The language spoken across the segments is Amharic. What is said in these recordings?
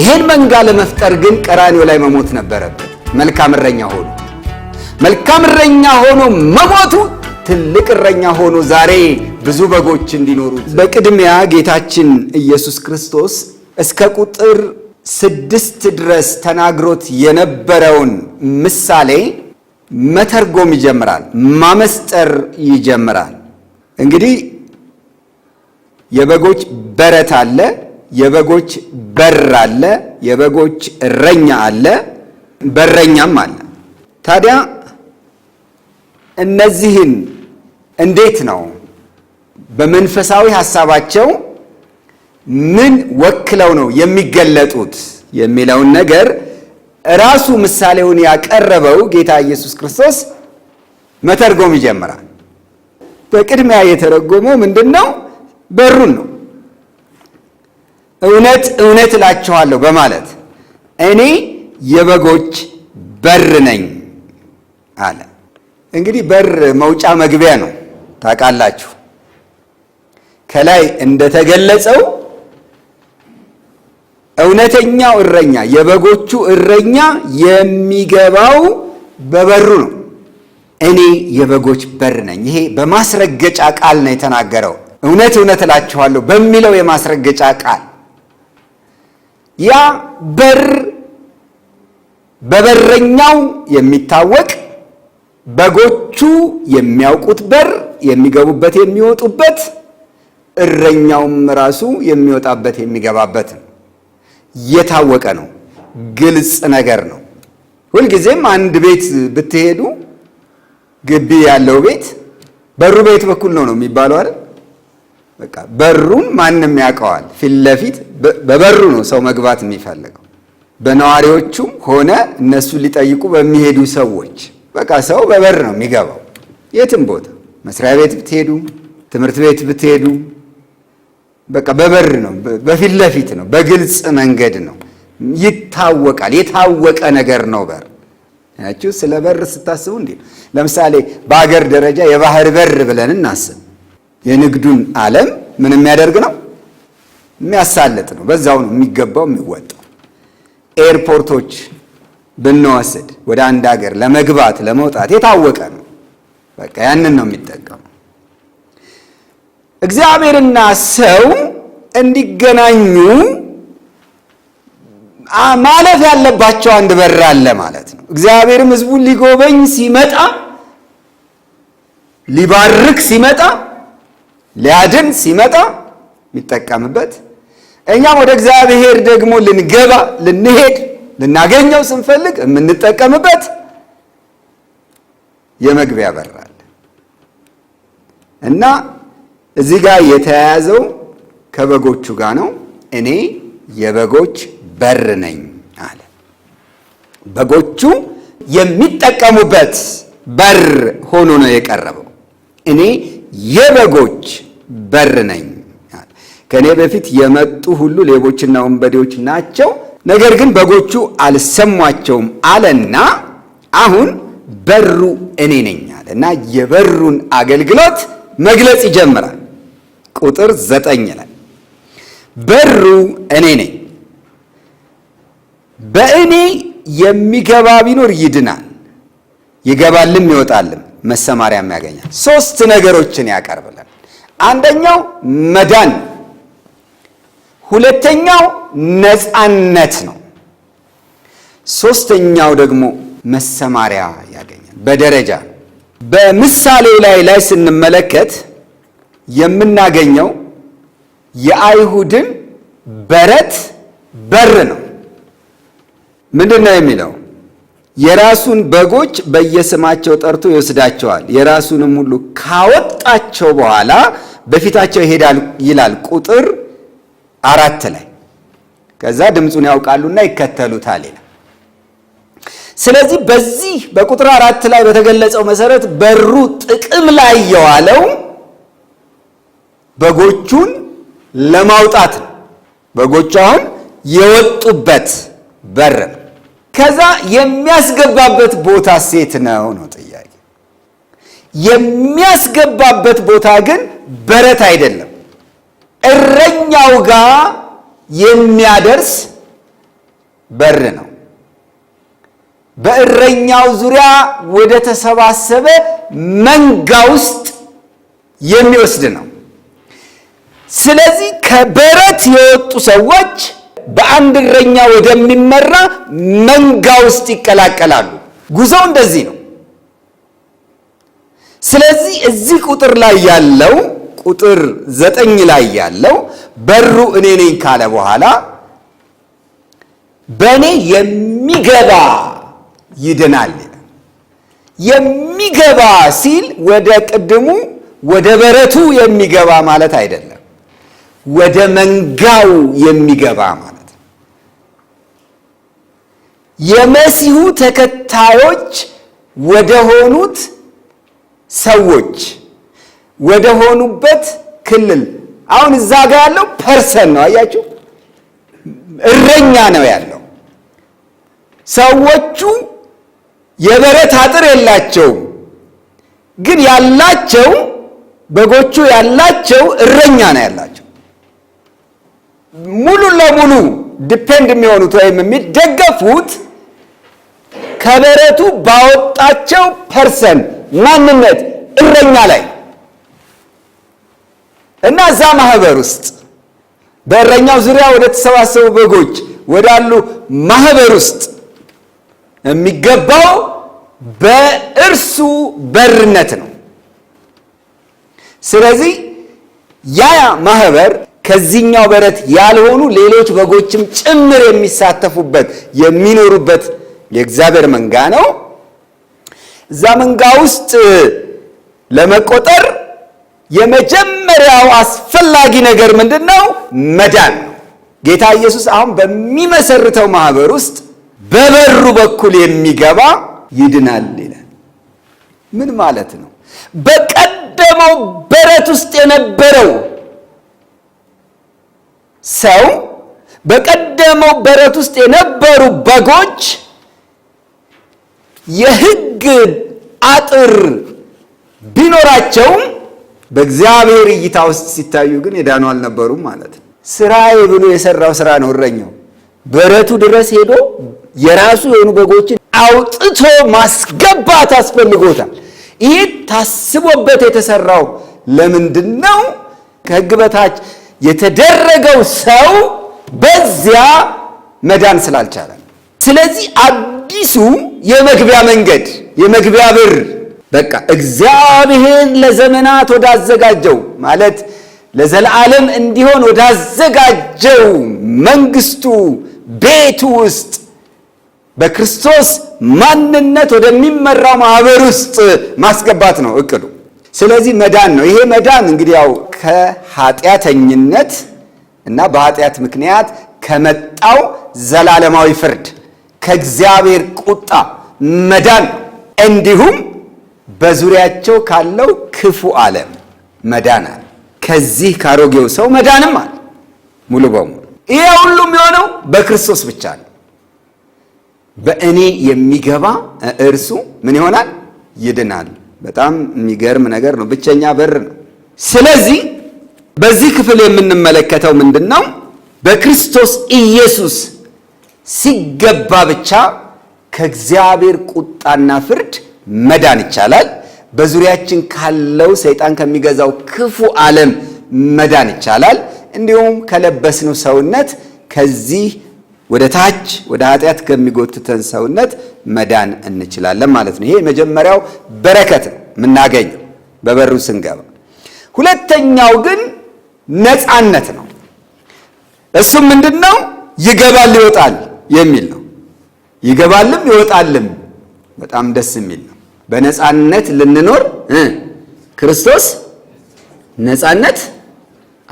ይሄን መንጋ ለመፍጠር ግን ቀራንዮ ላይ መሞት ነበረበት። መልካም እረኛ ሆኖ መልካም እረኛ ሆኖ መሞቱ ትልቅ እረኛ ሆኖ ዛሬ ብዙ በጎች እንዲኖሩት በቅድሚያ ጌታችን ኢየሱስ ክርስቶስ እስከ ቁጥር ስድስት ድረስ ተናግሮት የነበረውን ምሳሌ መተርጎም ይጀምራል፣ ማመስጠር ይጀምራል። እንግዲህ የበጎች በረት አለ። የበጎች በር አለ፣ የበጎች እረኛ አለ፣ በረኛም አለ። ታዲያ እነዚህን እንዴት ነው በመንፈሳዊ ሀሳባቸው ምን ወክለው ነው የሚገለጡት የሚለውን ነገር ራሱ ምሳሌውን ያቀረበው ጌታ ኢየሱስ ክርስቶስ መተርጎም ይጀምራል። በቅድሚያ የተረጎመው ምንድን ነው? በሩን ነው። እውነት እውነት እላችኋለሁ በማለት እኔ የበጎች በር ነኝ አለ። እንግዲህ በር መውጫ መግቢያ ነው ታውቃላችሁ። ከላይ እንደተገለጸው እውነተኛው እረኛ የበጎቹ እረኛ የሚገባው በበሩ ነው። እኔ የበጎች በር ነኝ። ይሄ በማስረገጫ ቃል ነው የተናገረው። እውነት እውነት እላችኋለሁ በሚለው የማስረገጫ ቃል ያ በር በበረኛው የሚታወቅ በጎቹ የሚያውቁት በር የሚገቡበት የሚወጡበት እረኛውም ራሱ የሚወጣበት የሚገባበት የታወቀ ነው። ግልጽ ነገር ነው። ሁልጊዜም አንድ ቤት ብትሄዱ ግቢ ያለው ቤት በሩ ቤት በኩል ነው ነው የሚባለው አይደል? በቃ በሩም ማንም ያውቀዋል። ፊት ለፊት በበሩ ነው ሰው መግባት የሚፈልገው በነዋሪዎቹም ሆነ እነሱ ሊጠይቁ በሚሄዱ ሰዎች በቃ ሰው በበር ነው የሚገባው። የትም ቦታ መስሪያ ቤት ብትሄዱ፣ ትምህርት ቤት ብትሄዱ በቃ በበር ነው፣ በፊት ለፊት ነው፣ በግልጽ መንገድ ነው። ይታወቃል። የታወቀ ነገር ነው በር ያችሁ። ስለ በር ስታስቡ እንዴ ለምሳሌ በአገር ደረጃ የባህር በር ብለን እናስብ የንግዱን ዓለም ምን የሚያደርግ ነው? የሚያሳልጥ ነው። በዛው ነው የሚገባው የሚወጣው። ኤርፖርቶች ብንወስድ ወደ አንድ ሀገር ለመግባት ለመውጣት የታወቀ ነው። በቃ ያንን ነው የሚጠቀሙ። እግዚአብሔርና ሰው እንዲገናኙ ማለፍ ያለባቸው አንድ በር አለ ማለት ነው። እግዚአብሔርም ሕዝቡን ሊጎበኝ ሲመጣ ሊባርክ ሲመጣ ሊያድን ሲመጣ የሚጠቀምበት እኛም ወደ እግዚአብሔር ደግሞ ልንገባ ልንሄድ ልናገኘው ስንፈልግ የምንጠቀምበት የመግቢያ በራል እና እዚህ ጋር የተያያዘው ከበጎቹ ጋር ነው። እኔ የበጎች በር ነኝ አለ። በጎቹ የሚጠቀሙበት በር ሆኖ ነው የቀረበው። እኔ የበጎች በር ነኝ። ከእኔ በፊት የመጡ ሁሉ ሌቦችና ወንበዴዎች ናቸው፣ ነገር ግን በጎቹ አልሰሟቸውም አለና አሁን በሩ እኔ ነኝ አለ እና የበሩን አገልግሎት መግለጽ ይጀምራል። ቁጥር ዘጠኝ ላይ በሩ እኔ ነኝ፣ በእኔ የሚገባ ቢኖር ይድናል፣ ይገባልም ይወጣልም መሰማሪያም ያገኛል። ሶስት ነገሮችን ያቀርብልን። አንደኛው መዳን፣ ሁለተኛው ነፃነት ነው። ሶስተኛው ደግሞ መሰማሪያ ያገኛል። በደረጃ በምሳሌው ላይ ላይ ስንመለከት የምናገኘው የአይሁድን በረት በር ነው። ምንድን ነው የሚለው? የራሱን በጎች በየስማቸው ጠርቶ ይወስዳቸዋል። የራሱንም ሁሉ ካወጣቸው በኋላ በፊታቸው ይሄዳል ይላል ቁጥር አራት ላይ ከዛ ድምፁን ያውቃሉና ይከተሉታል ይላል። ስለዚህ በዚህ በቁጥር አራት ላይ በተገለጸው መሰረት በሩ ጥቅም ላይ የዋለው በጎቹን ለማውጣት ነው። በጎቹ አሁን የወጡበት በር ነው። ከዛ የሚያስገባበት ቦታ ሴት ነው ነው ጥያቄ። የሚያስገባበት ቦታ ግን በረት አይደለም፣ እረኛው ጋር የሚያደርስ በር ነው። በእረኛው ዙሪያ ወደ ተሰባሰበ መንጋ ውስጥ የሚወስድ ነው። ስለዚህ ከበረት የወጡ ሰዎች በአንድ እረኛ ወደሚመራ መንጋ ውስጥ ይቀላቀላሉ። ጉዞው እንደዚህ ነው። ስለዚህ እዚህ ቁጥር ላይ ያለው ቁጥር ዘጠኝ ላይ ያለው በሩ እኔ ነኝ ካለ በኋላ በእኔ የሚገባ ይድናል። የሚገባ ሲል ወደ ቅድሙ ወደ በረቱ የሚገባ ማለት አይደለም፣ ወደ መንጋው የሚገባ ማለት የመሲሁ ተከታዮች ወደ ሆኑት ሰዎች ወደ ሆኑበት ክልል አሁን እዛ ጋር ያለው ፐርሰን ነው። አያችሁ፣ እረኛ ነው ያለው። ሰዎቹ የበረት አጥር የላቸውም፣ ግን ያላቸው በጎቹ ያላቸው እረኛ ነው ያላቸው። ሙሉ ለሙሉ ዲፔንድ የሚሆኑት ወይም የሚደገፉት ከበረቱ ባወጣቸው ፐርሰን ማንነት እረኛ ላይ እና እዛ ማህበር ውስጥ በእረኛው ዙሪያ ወደ ተሰባሰቡ በጎች ወዳሉ ማህበር ውስጥ የሚገባው በእርሱ በርነት ነው። ስለዚህ ያ ማህበር ከዚህኛው በረት ያልሆኑ ሌሎች በጎችም ጭምር የሚሳተፉበት የሚኖሩበት የእግዚአብሔር መንጋ ነው። እዛ መንጋ ውስጥ ለመቆጠር የመጀመሪያው አስፈላጊ ነገር ምንድን ነው? መዳን ነው። ጌታ ኢየሱስ አሁን በሚመሰርተው ማህበር ውስጥ በበሩ በኩል የሚገባ ይድናል ይላል። ምን ማለት ነው? በቀደመው በረት ውስጥ የነበረው ሰው በቀደመው በረት ውስጥ የነበሩ በጎች የሕግ አጥር ቢኖራቸውም በእግዚአብሔር እይታ ውስጥ ሲታዩ ግን የዳኑ አልነበሩም ማለት ነው። ስራዬ ብሎ የሰራው ስራ ነው። እረኛው በረቱ ድረስ ሄዶ የራሱ የሆኑ በጎችን አውጥቶ ማስገባት አስፈልጎታል። ይህ ታስቦበት የተሰራው ለምንድን ነው? ከህግ በታች የተደረገው ሰው በዚያ መዳን ስላልቻለ። ስለዚህ አዲሱ የመግቢያ መንገድ የመግቢያ በር በቃ እግዚአብሔር ለዘመናት ወዳዘጋጀው ማለት ለዘላለም እንዲሆን ወዳዘጋጀው መንግስቱ ቤቱ ውስጥ በክርስቶስ ማንነት ወደሚመራው ማህበር ውስጥ ማስገባት ነው እቅዱ። ስለዚህ መዳን ነው። ይሄ መዳን እንግዲህ ያው ከኃጢአተኝነት እና በኃጢአት ምክንያት ከመጣው ዘላለማዊ ፍርድ ከእግዚአብሔር ቁጣ መዳን እንዲሁም በዙሪያቸው ካለው ክፉ ዓለም መዳን አለ። ከዚህ ካሮጌው ሰው መዳንም አለ ሙሉ በሙሉ። ይሄ ሁሉም የሆነው በክርስቶስ ብቻ ነው። በእኔ የሚገባ እርሱ ምን ይሆናል? ይድናል። በጣም የሚገርም ነገር ነው። ብቸኛ በር ነው። ስለዚህ በዚህ ክፍል የምንመለከተው ምንድን ነው? በክርስቶስ ኢየሱስ ሲገባ ብቻ ከእግዚአብሔር ቁጣና ፍርድ መዳን ይቻላል። በዙሪያችን ካለው ሰይጣን ከሚገዛው ክፉ ዓለም መዳን ይቻላል። እንዲሁም ከለበስነው ሰውነት ከዚህ ወደ ታች ወደ ኃጢአት ከሚጎትተን ሰውነት መዳን እንችላለን ማለት ነው። ይሄ የመጀመሪያው በረከት ነው የምናገኘው በበሩ ስንገባ። ሁለተኛው ግን ነፃነት ነው። እሱም ምንድን ነው? ይገባል ይወጣል የሚል ነው። ይገባልም ይወጣልም በጣም ደስ የሚል ነው። በነፃነት ልንኖር ክርስቶስ ነፃነት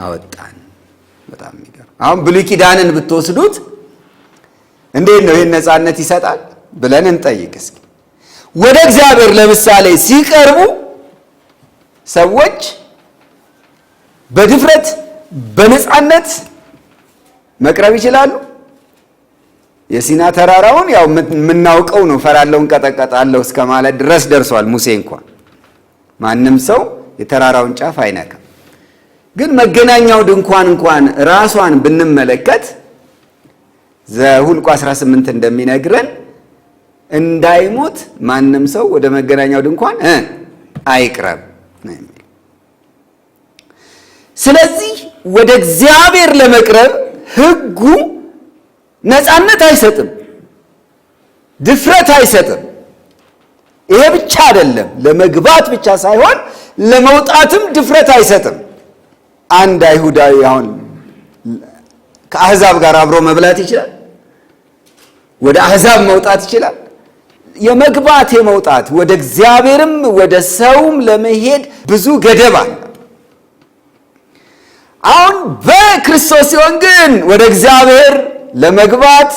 አወጣን። በጣም የሚገርም አሁን ብሉይ ኪዳንን ብትወስዱት እንዴት ነው ይህን ነፃነት ይሰጣል ብለን እንጠይቅ እስኪ። ወደ እግዚአብሔር ለምሳሌ ሲቀርቡ ሰዎች በድፍረት በነፃነት መቅረብ ይችላሉ። የሲና ተራራውን ያው የምናውቀው ነው። ፈራለውን ቀጠቀጣለሁ እስከ ማለት ድረስ ደርሷል ሙሴ እንኳን ማንም ሰው የተራራውን ጫፍ አይነካም። ግን መገናኛው ድንኳን እንኳን ራሷን ብንመለከት ዘሁልቁ 18 እንደሚነግረን እንዳይሞት ማንም ሰው ወደ መገናኛው ድንኳን አይቅረብ። ስለዚህ ወደ እግዚአብሔር ለመቅረብ ሕጉ ነፃነት አይሰጥም፣ ድፍረት አይሰጥም። ይሄ ብቻ አይደለም፣ ለመግባት ብቻ ሳይሆን ለመውጣትም ድፍረት አይሰጥም። አንድ አይሁዳዊ አሁን ከአህዛብ ጋር አብሮ መብላት ይችላል፣ ወደ አህዛብ መውጣት ይችላል። የመግባት የመውጣት ወደ እግዚአብሔርም ወደ ሰውም ለመሄድ ብዙ ገደብ አለ። አሁን በክርስቶስ ሲሆን ግን ወደ እግዚአብሔር ለመግባት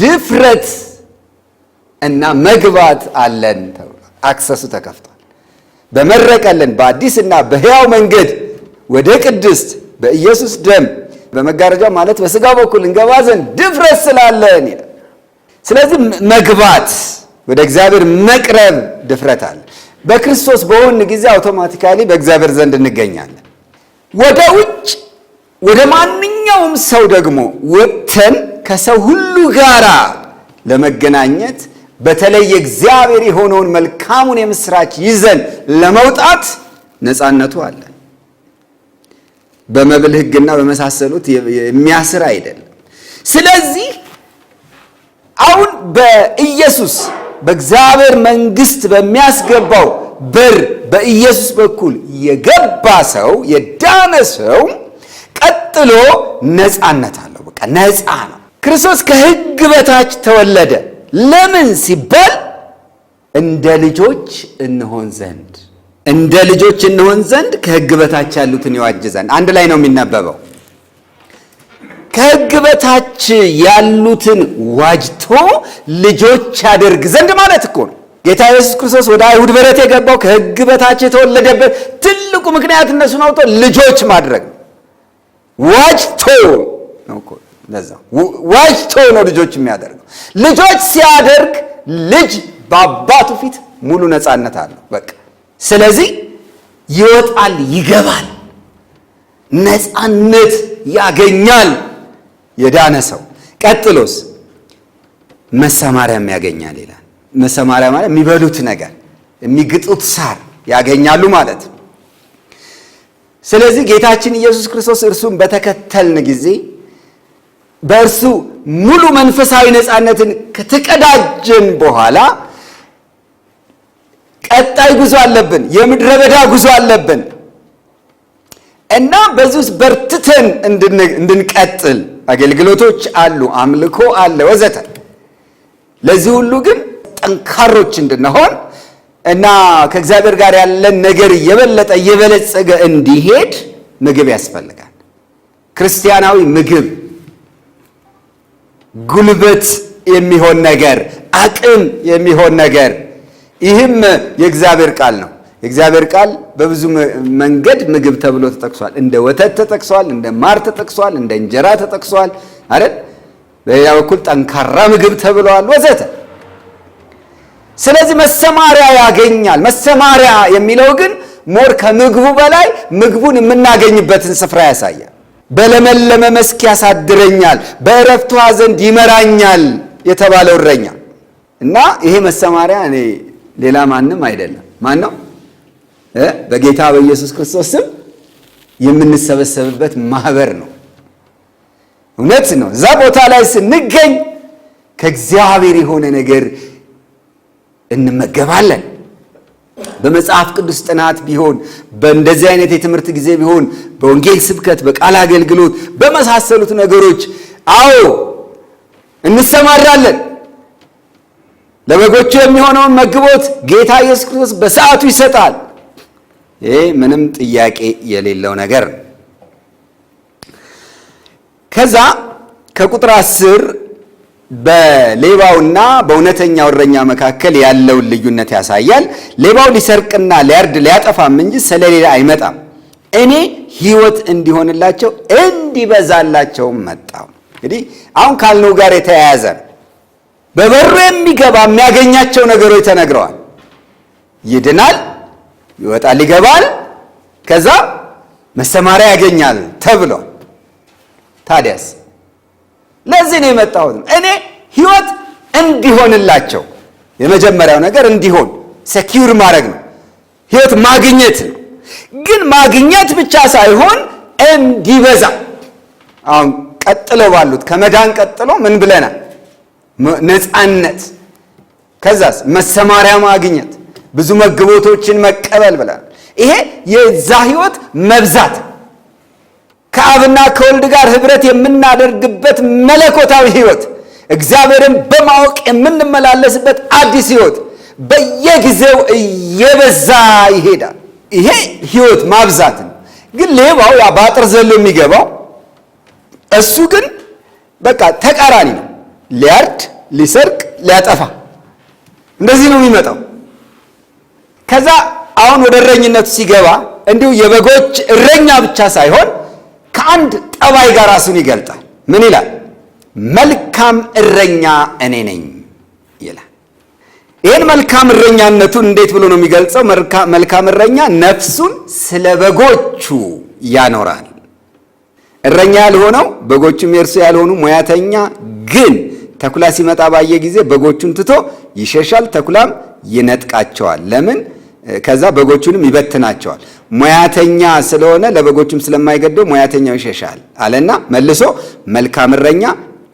ድፍረት እና መግባት አለን ተብሏል። አክሰሱ ተከፍቷል። በመረቀልን በአዲስ እና በሕያው መንገድ ወደ ቅድስት በኢየሱስ ደም በመጋረጃ ማለት በስጋ በኩል እንገባ ዘንድ ድፍረት ስላለን ስለዚህ መግባት ወደ እግዚአብሔር መቅረብ ድፍረት አለ። በክርስቶስ በሆን ጊዜ አውቶማቲካሊ በእግዚአብሔር ዘንድ እንገኛለን። ወደ ውጭ ወደ ማንኛውም ሰው ደግሞ ወጥተን ከሰው ሁሉ ጋራ ለመገናኘት በተለይ እግዚአብሔር የሆነውን መልካሙን የምስራች ይዘን ለመውጣት ነፃነቱ አለ። በመብል ሕግና በመሳሰሉት የሚያስር አይደለም። ስለዚህ አሁን በኢየሱስ በእግዚአብሔር መንግስት በሚያስገባው በር በኢየሱስ በኩል የገባ ሰው የዳነ ሰው ቀጥሎ ነፃነት አለው። በቃ ነፃ ነው። ክርስቶስ ከህግ በታች ተወለደ። ለምን ሲባል እንደ ልጆች እንሆን ዘንድ እንደ ልጆች እንሆን ዘንድ ከህግ በታች ያሉትን ይዋጅ ዘንድ አንድ ላይ ነው የሚነበበው። ከህግ በታች ያሉትን ዋጅቶ ልጆች ያደርግ ዘንድ ማለት እኮ ነው። ጌታ ኢየሱስ ክርስቶስ ወደ አይሁድ በረት የገባው ከህግ በታች የተወለደበት ትልቁ ምክንያት እነሱን አውጥቶ ልጆች ማድረግ ነው። ዋጅቶ ነው እኮ ለዛ ዋጅቶ ነው ልጆች የሚያደርገው። ልጆች ሲያደርግ ልጅ በአባቱ ፊት ሙሉ ነፃነት አለው። በቃ ስለዚህ ይወጣል፣ ይገባል፣ ነፃነት ያገኛል የዳነ ሰው። ቀጥሎስ መሰማሪያም ያገኛል ይላል። መሰማሪያ ማለት የሚበሉት ነገር፣ የሚግጡት ሳር ያገኛሉ ማለት ነው። ስለዚህ ጌታችን ኢየሱስ ክርስቶስ እርሱን በተከተልን ጊዜ በእርሱ ሙሉ መንፈሳዊ ነፃነትን ከተቀዳጀን በኋላ ቀጣይ ጉዞ አለብን። የምድረ በዳ ጉዞ አለብን እና በዚህ ውስጥ በርትተን እንድንቀጥል አገልግሎቶች አሉ፣ አምልኮ አለ፣ ወዘተ። ለዚህ ሁሉ ግን ጠንካሮች እንድንሆን እና ከእግዚአብሔር ጋር ያለን ነገር እየበለጠ እየበለጸገ እንዲሄድ ምግብ ያስፈልጋል። ክርስቲያናዊ ምግብ ጉልበት የሚሆን ነገር፣ አቅም የሚሆን ነገር፣ ይህም የእግዚአብሔር ቃል ነው። የእግዚአብሔር ቃል በብዙ መንገድ ምግብ ተብሎ ተጠቅሷል። እንደ ወተት ተጠቅሷል፣ እንደ ማር ተጠቅሷል፣ እንደ እንጀራ ተጠቅሷል አይደል? በሌላ በኩል ጠንካራ ምግብ ተብለዋል ወዘተ ስለዚህ መሰማሪያ ያገኛል። መሰማሪያ የሚለው ግን ሞር ከምግቡ በላይ ምግቡን የምናገኝበትን ስፍራ ያሳያል። በለመለመ መስክ ያሳድረኛል፣ በእረፍቷ ዘንድ ይመራኛል የተባለው እረኛ እና ይሄ መሰማሪያ እኔ ሌላ ማንም አይደለም። ማን ነው? በጌታ በኢየሱስ ክርስቶስ ስም የምንሰበሰብበት ማህበር ነው። እውነት ነው። እዛ ቦታ ላይ ስንገኝ ከእግዚአብሔር የሆነ ነገር እንመገባለን። በመጽሐፍ ቅዱስ ጥናት ቢሆን በእንደዚህ አይነት የትምህርት ጊዜ ቢሆን በወንጌል ስብከት፣ በቃል አገልግሎት በመሳሰሉት ነገሮች አዎ እንሰማራለን። ለበጎቹ የሚሆነውን መግቦት ጌታ ኢየሱስ ክርስቶስ በሰዓቱ ይሰጣል። ይህ ምንም ጥያቄ የሌለው ነገር ነው። ከዛ ከቁጥር አስር በሌባውና በእውነተኛ እረኛ መካከል ያለውን ልዩነት ያሳያል። ሌባው ሊሰርቅና ሊያርድ ሊያጠፋም እንጂ ስለሌላ አይመጣም። እኔ ሕይወት እንዲሆንላቸው እንዲበዛላቸውም መጣው። እንግዲህ አሁን ካልነው ጋር የተያያዘ በበሩ የሚገባ የሚያገኛቸው ነገሮች ተነግረዋል። ይድናል፣ ይወጣል፣ ይገባል፣ ከዛ መሰማሪያ ያገኛል ተብሎ ታዲያስ ለዚህ ነው የመጣሁት። እኔ ህይወት እንዲሆንላቸው የመጀመሪያው ነገር እንዲሆን ሴኪዩር ማድረግ ነው፣ ህይወት ማግኘት ነው። ግን ማግኘት ብቻ ሳይሆን እንዲበዛ። አሁን ቀጥሎ ባሉት ከመዳን ቀጥሎ ምን ብለናል? ነፃነት፣ ከዛስ መሰማሪያ ማግኘት፣ ብዙ መግቦቶችን መቀበል ብለናል። ይሄ የዛ ህይወት መብዛት ከአብና ከወልድ ጋር ህብረት የምናደርግበት መለኮታዊ ህይወት፣ እግዚአብሔርን በማወቅ የምንመላለስበት አዲስ ህይወት በየጊዜው እየበዛ ይሄዳል። ይሄ ህይወት ማብዛት ነው። ግን ሌባው ያ በአጥር ዘሎ የሚገባው እሱ ግን በቃ ተቃራኒ ነው። ሊያርድ፣ ሊሰርቅ፣ ሊያጠፋ እንደዚህ ነው የሚመጣው። ከዛ አሁን ወደ እረኝነቱ ሲገባ እንዲሁ የበጎች እረኛ ብቻ ሳይሆን ከአንድ ጠባይ ጋር ራሱን ይገልጣል። ምን ይላል? መልካም እረኛ እኔ ነኝ ይላል። ይህን መልካም እረኛነቱን እንዴት ብሎ ነው የሚገልጸው? መልካም እረኛ ነፍሱን ስለ በጎቹ ያኖራል። እረኛ ያልሆነው በጎቹም የእርሱ ያልሆኑ ሙያተኛ ግን ተኩላ ሲመጣ ባየ ጊዜ በጎቹን ትቶ ይሸሻል፣ ተኩላም ይነጥቃቸዋል። ለምን? ከዛ በጎቹንም ይበትናቸዋል። ሙያተኛ ስለሆነ ለበጎችም ስለማይገደው ሙያተኛው ይሸሻል አለና መልሶ መልካም እረኛ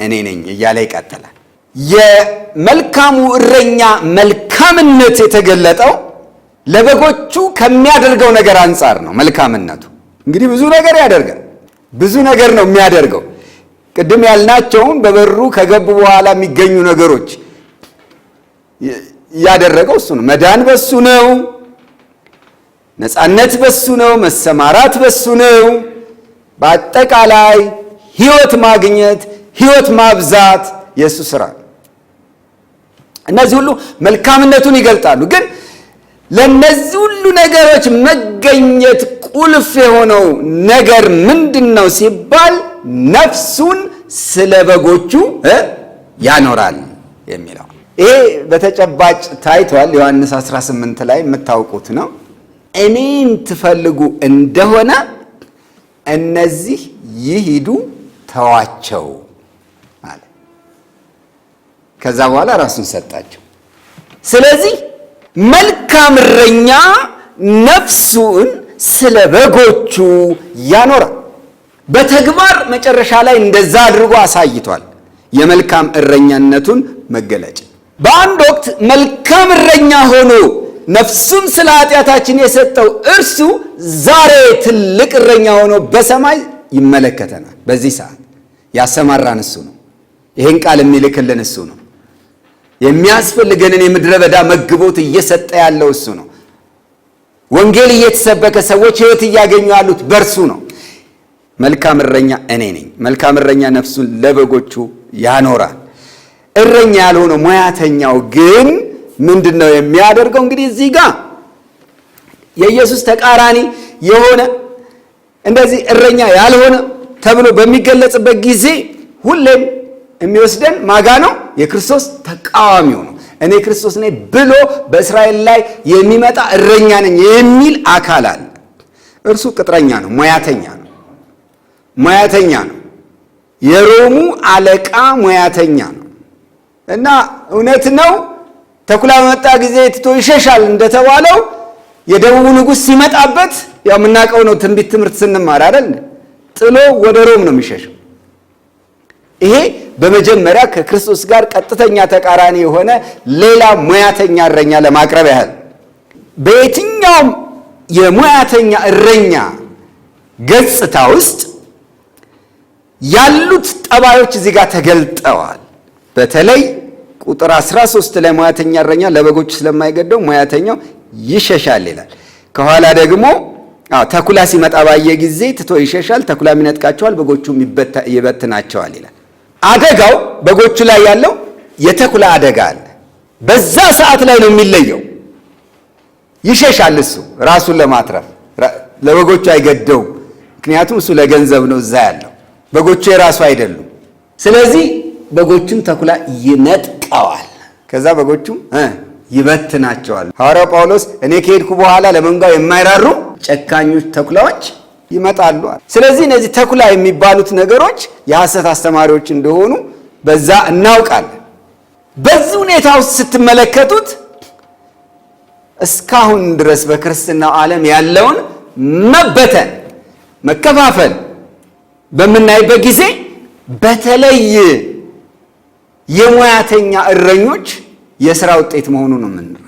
እኔ ነኝ እያለ ይቀጥላል። የመልካሙ እረኛ መልካምነት የተገለጠው ለበጎቹ ከሚያደርገው ነገር አንጻር ነው። መልካምነቱ እንግዲህ ብዙ ነገር ያደርጋል። ብዙ ነገር ነው የሚያደርገው። ቅድም ያልናቸውን በበሩ ከገቡ በኋላ የሚገኙ ነገሮች ያደረገው እሱ ነው። መዳን በሱ ነው። ነፃነት በሱ ነው። መሰማራት በሱ ነው። በአጠቃላይ ሕይወት ማግኘት፣ ሕይወት ማብዛት የእሱ ስራ ነው። እነዚህ ሁሉ መልካምነቱን ይገልጣሉ። ግን ለእነዚህ ሁሉ ነገሮች መገኘት ቁልፍ የሆነው ነገር ምንድን ነው ሲባል ነፍሱን ስለ በጎቹ ያኖራል የሚለው ይሄ በተጨባጭ ታይቷል። ዮሐንስ 18 ላይ የምታውቁት ነው። እኔን ትፈልጉ እንደሆነ እነዚህ ይሂዱ ተዋቸው አለ። ከዛ በኋላ ራሱን ሰጣቸው። ስለዚህ መልካም እረኛ ነፍሱን ስለ በጎቹ ያኖራል። በተግባር መጨረሻ ላይ እንደዛ አድርጎ አሳይቷል። የመልካም እረኛነቱን መገለጫ በአንድ ወቅት መልካም እረኛ ሆኖ ነፍሱን ስለ ኃጢአታችን የሰጠው እርሱ ዛሬ ትልቅ እረኛ ሆኖ በሰማይ ይመለከተናል። በዚህ ሰዓት ያሰማራን እሱ ነው። ይህን ቃል የሚልክልን እሱ ነው። የሚያስፈልገንን የምድረ በዳ መግቦት እየሰጠ ያለው እሱ ነው። ወንጌል እየተሰበከ ሰዎች ሕይወት እያገኙ ያሉት በእርሱ ነው። መልካም እረኛ እኔ ነኝ። መልካም እረኛ ነፍሱን ለበጎቹ ያኖራል። እረኛ ያልሆነው ሙያተኛው ግን ምንድን ነው የሚያደርገው? እንግዲህ እዚህ ጋር የኢየሱስ ተቃራኒ የሆነ እንደዚህ እረኛ ያልሆነ ተብሎ በሚገለጽበት ጊዜ ሁሌም የሚወስደን ማጋ ነው፣ የክርስቶስ ተቃዋሚው ነው። እኔ ክርስቶስ ነኝ ብሎ በእስራኤል ላይ የሚመጣ እረኛ ነኝ የሚል አካል አለ። እርሱ ቅጥረኛ ነው፣ ሙያተኛ ነው፣ ሙያተኛ ነው። የሮሙ አለቃ ሙያተኛ ነው እና እውነት ነው ተኩላ በመጣ ጊዜ ትቶ ይሸሻል እንደተባለው የደቡቡ ንጉሥ ሲመጣበት ያው የምናውቀው ነው። ትንቢት ትምህርት ስንማር አይደል ጥሎ ወደ ሮም ነው የሚሸሸው። ይሄ በመጀመሪያ ከክርስቶስ ጋር ቀጥተኛ ተቃራኒ የሆነ ሌላ ሙያተኛ እረኛ ለማቅረብ ያህል በየትኛውም የሙያተኛ እረኛ ገጽታ ውስጥ ያሉት ጠባዮች እዚህ ጋር ተገልጠዋል። በተለይ ቁጥር 13 ላይ ሙያተኛ እረኛ ለበጎቹ ስለማይገደው ሙያተኛው ይሸሻል ይላል። ከኋላ ደግሞ ተኩላ ሲመጣ ባየ ጊዜ ትቶ ይሸሻል፣ ተኩላም ይነጥቃቸዋል፣ በጎቹም ይበትናቸዋል ይላል። አደጋው በጎቹ ላይ ያለው የተኩላ አደጋ አለ። በዛ ሰዓት ላይ ነው የሚለየው። ይሸሻል፣ እሱ ራሱን ለማትረፍ ለበጎቹ አይገደውም። ምክንያቱም እሱ ለገንዘብ ነው እዛ ያለው፣ በጎቹ የራሱ አይደሉም። ስለዚህ በጎቹን ተኩላ ይነጥቀዋል፣ ከዛ በጎቹም ይበትናቸዋል። ሐዋርያው ጳውሎስ እኔ ከሄድኩ በኋላ ለመንጋው የማይራሩ ጨካኞች ተኩላዎች ይመጣሉ። ስለዚህ እነዚህ ተኩላ የሚባሉት ነገሮች የሐሰት አስተማሪዎች እንደሆኑ በዛ እናውቃለን። በዚህ ሁኔታ ውስጥ ስትመለከቱት እስካሁን ድረስ በክርስትናው ዓለም ያለውን መበተን፣ መከፋፈል በምናይበት ጊዜ በተለይ የሙያተኛ እረኞች የስራ ውጤት መሆኑን ነው የምንረዳ።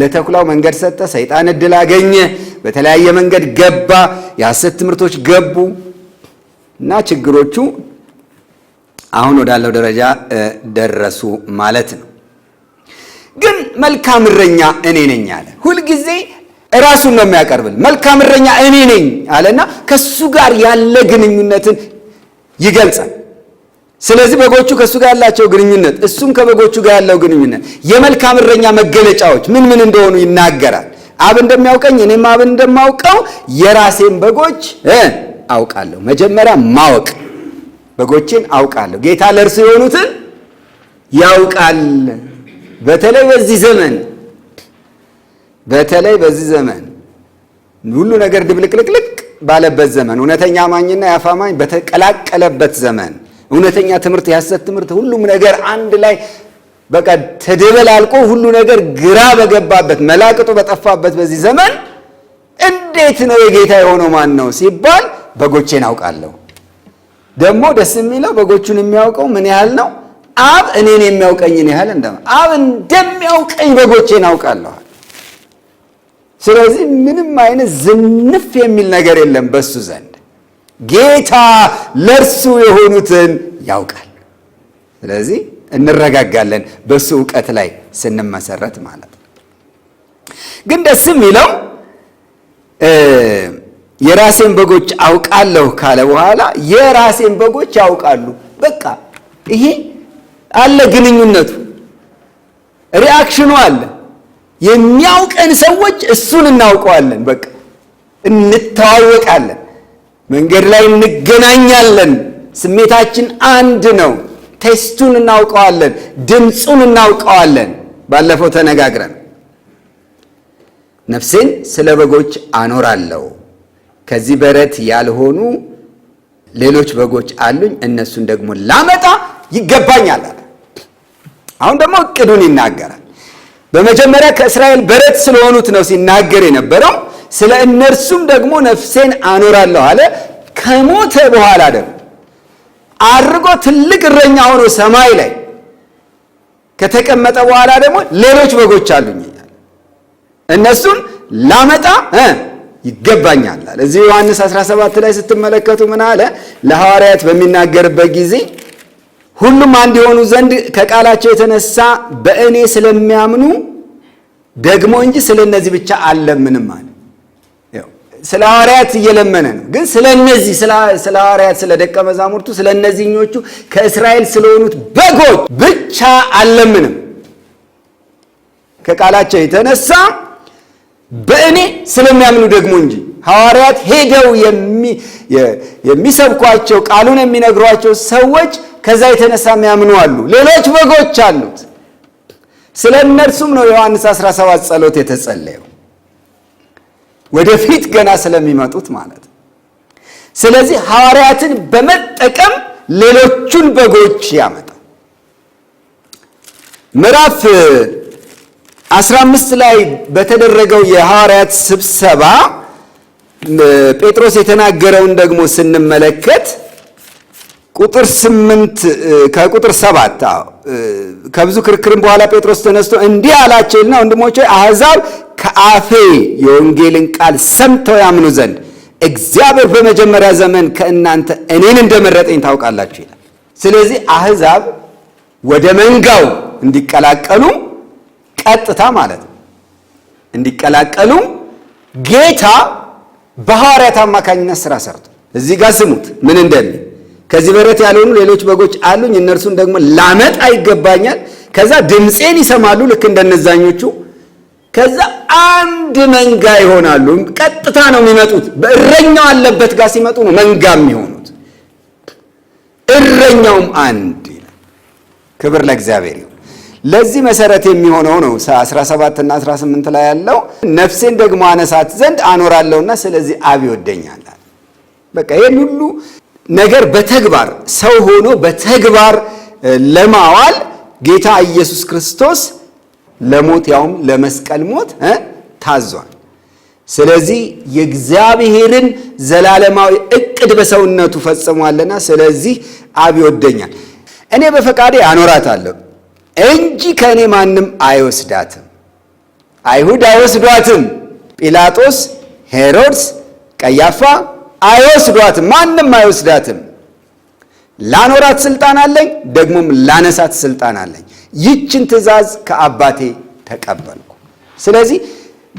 ለተኩላው መንገድ ሰጠ፣ ሰይጣን እድል አገኘ፣ በተለያየ መንገድ ገባ፣ የሐሰት ትምህርቶች ገቡ እና ችግሮቹ አሁን ወዳለው ደረጃ ደረሱ ማለት ነው። ግን መልካም እረኛ እኔ ነኝ አለ። ሁልጊዜ ራሱን ነው የሚያቀርብል። መልካም እረኛ እኔ ነኝ አለና ከሱ ጋር ያለ ግንኙነትን ይገልጻል። ስለዚህ በጎቹ ከእሱ ጋር ያላቸው ግንኙነት እሱም ከበጎቹ ጋር ያለው ግንኙነት የመልካም እረኛ መገለጫዎች ምን ምን እንደሆኑ ይናገራል። አብ እንደሚያውቀኝ እኔም አብ እንደማውቀው የራሴን በጎች አውቃለሁ። መጀመሪያ ማወቅ በጎችን አውቃለሁ። ጌታ ለእርሱ የሆኑትን ያውቃል። በተለይ በዚህ ዘመን በተለይ በዚህ ዘመን ሁሉ ነገር ድብልቅልቅልቅ ባለበት ዘመን እውነተኛ አማኝና ያፋማኝ በተቀላቀለበት ዘመን እውነተኛ ትምህርት፣ የሐሰት ትምህርት፣ ሁሉም ነገር አንድ ላይ በቃ ተደበላልቆ ሁሉ ነገር ግራ በገባበት መላቅጡ በጠፋበት በዚህ ዘመን እንዴት ነው የጌታ የሆነው ማን ነው ሲባል በጎቼን አውቃለሁ። ደግሞ ደስ የሚለው በጎቹን የሚያውቀው ምን ያህል ነው? አብ እኔን የሚያውቀኝን ያህል እንደ አብ እንደሚያውቀኝ በጎቼን አውቃለሁ። ስለዚህ ምንም አይነት ዝንፍ የሚል ነገር የለም በሱ ዘንድ። ጌታ ለእርሱ የሆኑትን ያውቃል። ስለዚህ እንረጋጋለን በእሱ እውቀት ላይ ስንመሰረት ማለት ነው። ግን ደስ የሚለው የራሴን በጎች አውቃለሁ ካለ በኋላ የራሴን በጎች ያውቃሉ። በቃ ይሄ አለ፣ ግንኙነቱ ሪአክሽኑ አለ። የሚያውቀን ሰዎች እሱን እናውቀዋለን። በቃ እንተዋወቃለን። መንገድ ላይ እንገናኛለን። ስሜታችን አንድ ነው። ቴስቱን እናውቀዋለን። ድምፁን እናውቀዋለን። ባለፈው ተነጋግረን ነፍሴን ስለ በጎች አኖራለሁ። ከዚህ በረት ያልሆኑ ሌሎች በጎች አሉኝ፣ እነሱን ደግሞ ላመጣ ይገባኛል አለ። አሁን ደግሞ እቅዱን ይናገራል። በመጀመሪያ ከእስራኤል በረት ስለሆኑት ነው ሲናገር የነበረው። ስለ እነርሱም ደግሞ ነፍሴን አኖራለሁ አለ። ከሞተ በኋላ ደግሞ አድርጎ ትልቅ እረኛ ሆኖ ሰማይ ላይ ከተቀመጠ በኋላ ደግሞ ሌሎች በጎች አሉኝ ይላል። እነሱን ላመጣ ይገባኛል አለ። እዚህ ዮሐንስ 17 ላይ ስትመለከቱ ምን አለ? ለሐዋርያት በሚናገርበት ጊዜ ሁሉም አንድ የሆኑ ዘንድ ከቃላቸው የተነሳ በእኔ ስለሚያምኑ ደግሞ እንጂ ስለ እነዚህ ብቻ አለምንም አለ። ስለ ሐዋርያት እየለመነ ነው። ግን ስለ እነዚህ ስለ ሐዋርያት ስለ ደቀ መዛሙርቱ ስለ እነዚህኞቹ ከእስራኤል ስለሆኑት በጎች ብቻ አልለምንም ከቃላቸው የተነሳ በእኔ ስለሚያምኑ ደግሞ እንጂ ሐዋርያት ሄደው የሚሰብኳቸው ቃሉን የሚነግሯቸው ሰዎች ከዛ የተነሳ የሚያምኑ አሉ። ሌሎች በጎች አሉት። ስለ እነርሱም ነው ዮሐንስ 17 ጸሎት የተጸለየው። ወደፊት ገና ስለሚመጡት ማለት ነው። ስለዚህ ሐዋርያትን በመጠቀም ሌሎቹን በጎች ያመጣ። ምዕራፍ 15 ላይ በተደረገው የሐዋርያት ስብሰባ ጴጥሮስ የተናገረውን ደግሞ ስንመለከት ቁጥር ስምንት ከቁጥር ሰባት ከብዙ ክርክርም በኋላ ጴጥሮስ ተነስቶ እንዲህ አላቸው ይልና ወንድሞች አሕዛብ ከአፌ የወንጌልን ቃል ሰምተው ያምኑ ዘንድ እግዚአብሔር በመጀመሪያ ዘመን ከእናንተ እኔን እንደመረጠኝ ታውቃላችሁ ይላል። ስለዚህ አሕዛብ ወደ መንጋው እንዲቀላቀሉ ቀጥታ ማለት ነው እንዲቀላቀሉ ጌታ በሐዋርያት አማካኝነት ስራ ሰርቶ እዚህ ጋር ስሙት ምን እንደሚል ከዚህ በረት ያልሆኑ ሌሎች በጎች አሉኝ፣ እነርሱን ደግሞ ላመጣ ይገባኛል። ከዛ ድምፄን ይሰማሉ፣ ልክ እንደነዛኞቹ። ከዛ አንድ መንጋ ይሆናሉ። ቀጥታ ነው የሚመጡት። በእረኛው አለበት ጋር ሲመጡ ነው መንጋ የሚሆኑት። እረኛውም አንድ ይላል። ክብር ለእግዚአብሔር ይሁን። ለዚህ መሰረት የሚሆነው ነው 17 እና 18 ላይ ያለው ነፍሴን ደግሞ አነሳት ዘንድ አኖራለሁና ስለዚህ አብ ይወደኛል። በቃ ይህን ሁሉ ነገር በተግባር ሰው ሆኖ በተግባር ለማዋል ጌታ ኢየሱስ ክርስቶስ ለሞት ያውም ለመስቀል ሞት ታዟል። ስለዚህ የእግዚአብሔርን ዘላለማዊ እቅድ በሰውነቱ ፈጽሟልና፣ ስለዚህ አብ ይወደኛል፣ እኔ በፈቃዴ አኖራታለሁ እንጂ ከእኔ ማንም አይወስዳትም። አይሁድ አይወስዷትም። ጲላጦስ፣ ሄሮድስ፣ ቀያፋ አይወስዷትም፣ ማንም አይወስዳትም። ላኖራት ስልጣን አለኝ፣ ደግሞም ላነሳት ስልጣን አለኝ። ይችን ትእዛዝ ከአባቴ ተቀበልኩ። ስለዚህ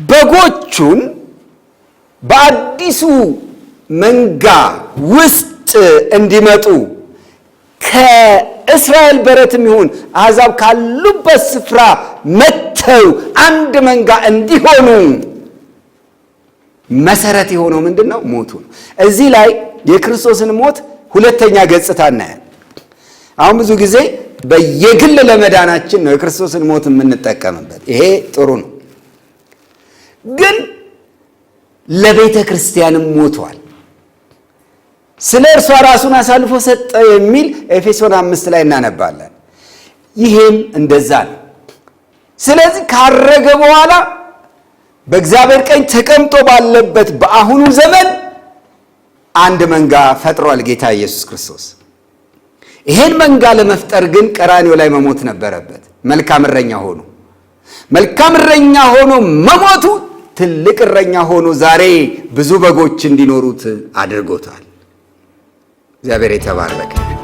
በጎቹን በአዲሱ መንጋ ውስጥ እንዲመጡ ከእስራኤል በረትም ይሁን አሕዛብ ካሉበት ስፍራ መጥተው አንድ መንጋ እንዲሆኑ መሰረት የሆነው ምንድን ነው? ሞቱ ነው። እዚህ ላይ የክርስቶስን ሞት ሁለተኛ ገጽታ እናያል። አሁን ብዙ ጊዜ በየግል ለመዳናችን ነው የክርስቶስን ሞት የምንጠቀምበት። ይሄ ጥሩ ነው፣ ግን ለቤተ ክርስቲያንም ሞቷል። ስለ እርሷ ራሱን አሳልፎ ሰጠ የሚል ኤፌሶን አምስት ላይ እናነባለን። ይሄም እንደዛ ነው። ስለዚህ ካረገ በኋላ በእግዚአብሔር ቀኝ ተቀምጦ ባለበት በአሁኑ ዘመን አንድ መንጋ ፈጥሯል ጌታ ኢየሱስ ክርስቶስ። ይሄን መንጋ ለመፍጠር ግን ቀራኒው ላይ መሞት ነበረበት። መልካም እረኛ ሆኖ መልካም እረኛ ሆኖ መሞቱ ትልቅ እረኛ ሆኖ ዛሬ ብዙ በጎች እንዲኖሩት አድርጎታል። እግዚአብሔር የተባረከ